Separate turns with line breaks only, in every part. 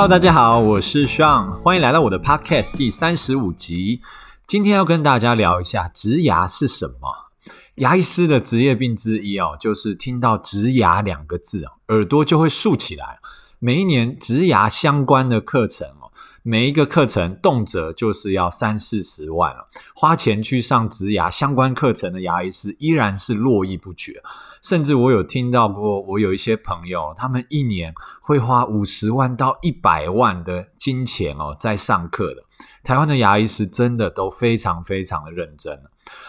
Hello，大家好，我是 Sean，歡迎來到我的 Podcast 第三十五集。今天要跟大家聊一下植牙是什麼，牙醫師的職業病之一哦，就是聽到植牙兩個字啊、哦，耳朵就會豎起來。每一年植牙相關的課程，每一個課程動輒就是要三四十萬了啊，花錢去上植牙相關課程的牙醫師依然是絡繹不絕，甚至我有聽到過，我有一些朋友他們一年會花五十萬到一百萬的金錢哦，在上課的。台灣的牙醫師真的都非常非常的認真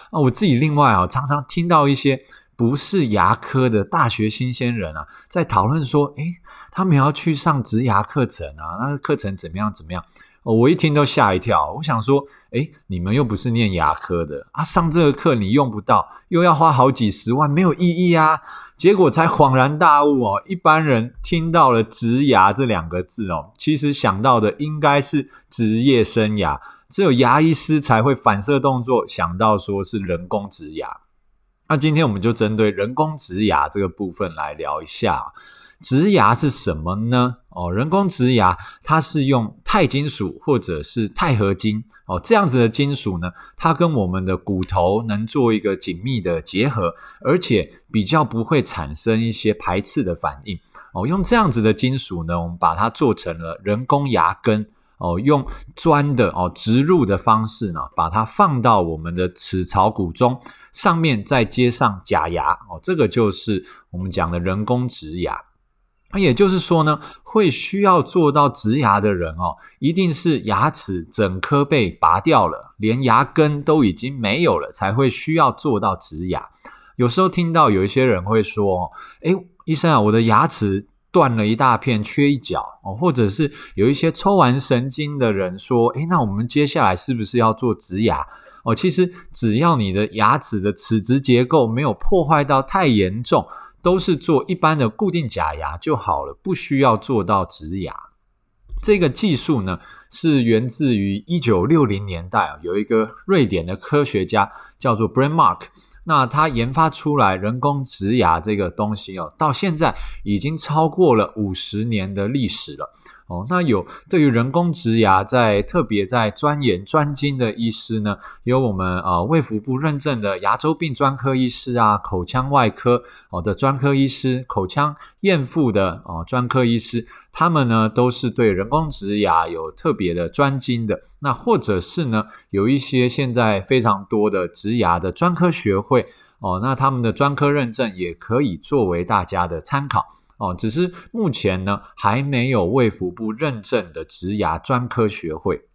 啊，我自己另外啊，常常聽到一些不是牙科的大學新鮮人啊，在討論說，哎。他們要去上植牙課程啊？那個課程怎麼樣？怎麼樣、哦？我一聽都嚇一跳。我想說，哎，你們又不是念牙科的啊，上這個課你用不到，又要花好幾十萬，沒有意義啊。結果才恍然大悟哦，一般人聽到了“植牙”這兩個字哦，其實想到的應該是職業生涯，只有牙醫師才會反射動作想到說是人工植牙。那今天我們就針對人工植牙這個部分來聊一下。植牙是什麼呢？哦，人工植牙，它是用鈦金屬或者是鈦合金哦，這樣子的金屬呢，它跟我們的骨頭能做一個緊密的結合，而且比較不會產生一些排斥的反應哦。用這樣子的金屬呢，我們把它做成了人工牙根哦，用鑽的哦，植入的方式呢，把它放到我們的齒槽骨中，上面再接上假牙哦，這個就是我們講的人工植牙。那也就是說呢，會需要做到植牙的人哦，一定是牙齒整顆被拔掉了，連牙根都已經沒有了，才會需要做到植牙。有時候聽到有一些人會說：“誒，醫生啊，我的牙齒斷了一大片，缺一角哦。”或者是有一些抽完神經的人說：“哎，那我們接下來是不是要做植牙？”哦，其實只要你的牙齒的齒質結構沒有破壞到太嚴重。都是做一般的固定假牙就好了，不需要做到植牙。這個技術呢，是源自於一九六零年代啊，有一個瑞典的科學家叫做 Brånemark，那他研發出來人工植牙這個東西哦，到現在已經超過了五十年的歷史了。哦，那有對於人工植牙在特別在鑽研專精的醫師呢，有我們呃、啊、衛福部認證的牙周病專科醫師啊，口腔外科哦的專科醫師，口腔贗復的哦、啊、專科醫師，他們呢都是對人工植牙有特別的專精的。那或者是呢，有一些現在非常多的植牙的專科學會哦，那他們的專科認證也可以作為大家的參考。哦，只是目前呢還沒有衛福部認證的植牙專科學會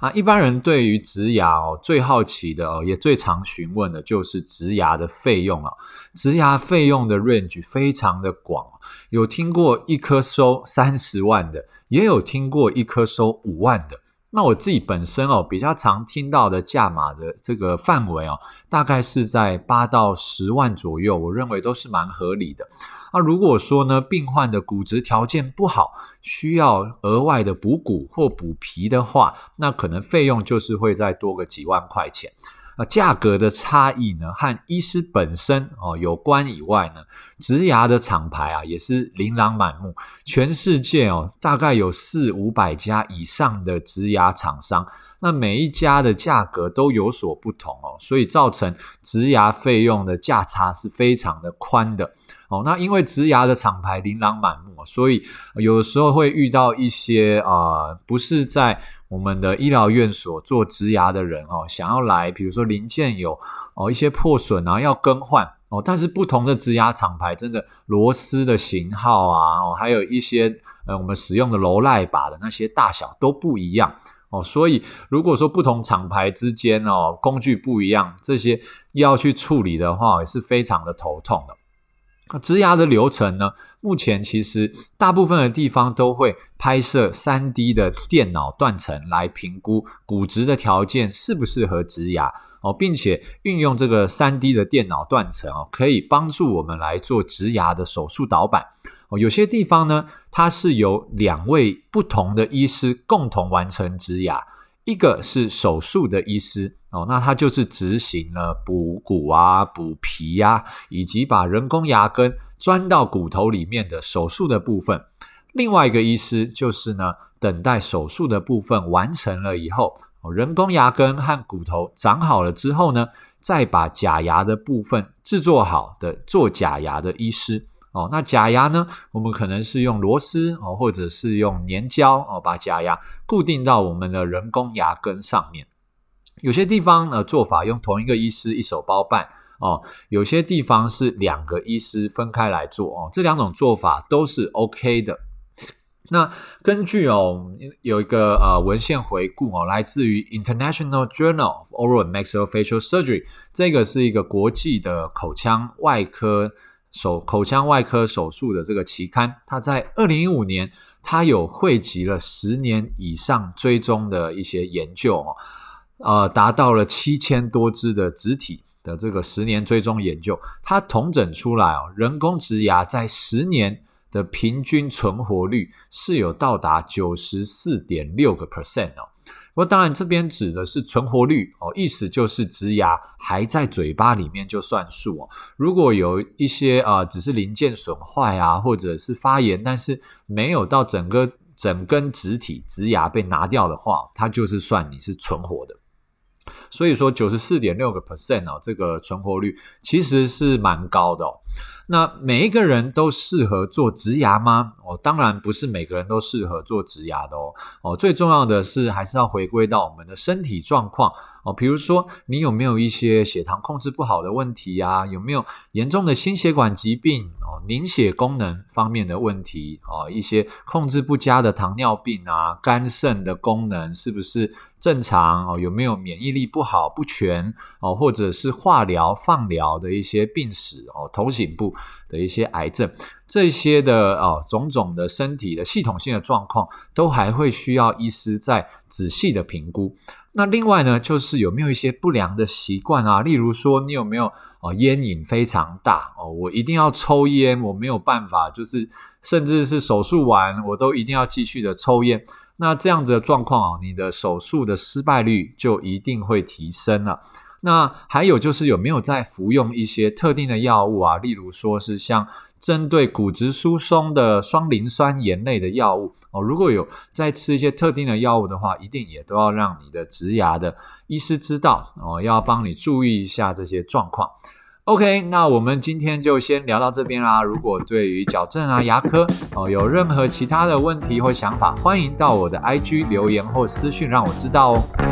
啊。一般人對於植牙哦最好奇的哦，也最常詢問的就是植牙的費用了。植牙費用的 range 非常的廣，有聽過一顆收三十萬的，也有聽過一顆收五萬的。那我自己本身哦，比較常聽到的價碼的這個範圍哦，大概是在八到十萬左右，我認為都是蠻合理的。那、啊、如果說呢，病患的骨質條件不好，需要額外的補骨或補皮的話，那可能費用就是會再多個幾萬塊錢。啊、價格的差異呢，和醫師本身哦有關以外呢，植牙的廠牌啊也是琳琅滿目，全世界哦大概有四五百家以上的植牙廠商，那每一家的價格都有所不同哦，所以造成植牙費用的價差是非常的寬的哦。那因為植牙的廠牌琳琅滿目，所以有時候會遇到一些啊、呃、不是在。我們的醫療院所做植牙的人哦，想要來，比如說零件有哦一些破損啊，要更換哦，但是不同的植牙廠牌真的螺絲的型號啊，哦，還有一些呃我們使用的螺賴把的那些大小都不一樣哦，所以如果說不同廠牌之間哦工具不一樣，這些要去處理的話，也是非常的頭痛的。植牙的流程呢？目前其實大部分的地方都會拍攝三 D 的電腦斷層來評估骨質的條件適不適合植牙哦，並且運用這個三 D 的電腦斷層哦，可以幫助我們來做植牙的手術導板哦。有些地方呢，它是由兩位不同的醫師共同完成植牙。一個是手術的醫師哦，那他就是執行了補骨啊、補皮呀、啊，以及把人工牙根鑽到骨頭裡面的手術的部分。另外一個醫師就是呢，等待手術的部分完成了以後，人工牙根和骨頭長好了之後呢，再把假牙的部分製作好的做假牙的醫師。哦，那假牙呢？我們可能是用螺絲哦，或者是用粘膠哦，把假牙固定到我們的人工牙根上面。有些地方做法用同一個醫師一手包辦哦；有些地方是兩個醫師分開來做哦。這兩種做法都是 OK 的。那根據哦有一個呃文獻回顧哦，來自於 International Journal of Oral and Maxillofacial Surgery，這個是一個國際的口腔外科。手口腔外科手術的這個期刊，它在二零一五年，它有匯集了十年以上追蹤的一些研究哦，呃，達到了七千多只的植體的這個十年追蹤研究，它統整出來哦，人工植牙在十年的平均存活率是有到達九十四點六個 percent 哦。哦，當然，這邊指的是存活率哦，意思就是植牙還在嘴巴裡面就算數哦。如果有一些啊，呃，只是零件損壞啊，或者是發炎，但是沒有到整個整根植體植牙被拿掉的話，它就是算你是存活的。所以說，九十四點六個 percent 哦，這個存活率其實是蠻高的哦。那每一個人都適合做植牙嗎？我、哦、當然不是每個人都適合做植牙的哦。哦，最重要的是還是要回歸到我們的身體狀況哦。比如說，你有沒有一些血糖控制不好的問題呀、啊？有沒有嚴重的心血管疾病哦？凝血功能方面的問題哦？一些控制不佳的糖尿病啊？肝腎的功能是不是？正常哦，有沒有免疫力不好不全哦，或者是化療、放療的一些病史哦，頭頸部的一些癌症，這些的哦，種種的身體的系統性的狀況，都還會需要醫師再仔細的評估。那另外呢，就是有沒有一些不良的習慣啊？例如說，你有沒有哦，菸癮非常大哦，我一定要抽菸，我沒有辦法，就是甚至是手術完，我都一定要繼續的抽菸。那這樣子的狀況啊，你的手術的失敗率就一定會提升了。那還有就是有沒有在服用一些特定的藥物啊？例如說是像針對骨質疏鬆的雙磷酸鹽類的藥物哦，如果有在吃一些特定的藥物的話，一定也都要讓你的植牙的醫師知道哦，要幫你注意一下這些狀況。OK，那我們今天就先聊到這邊啦。如果對於矯正啊、牙科哦有任何其他的問題或想法，歡迎到我的 IG 留言或私訊讓我知道哦。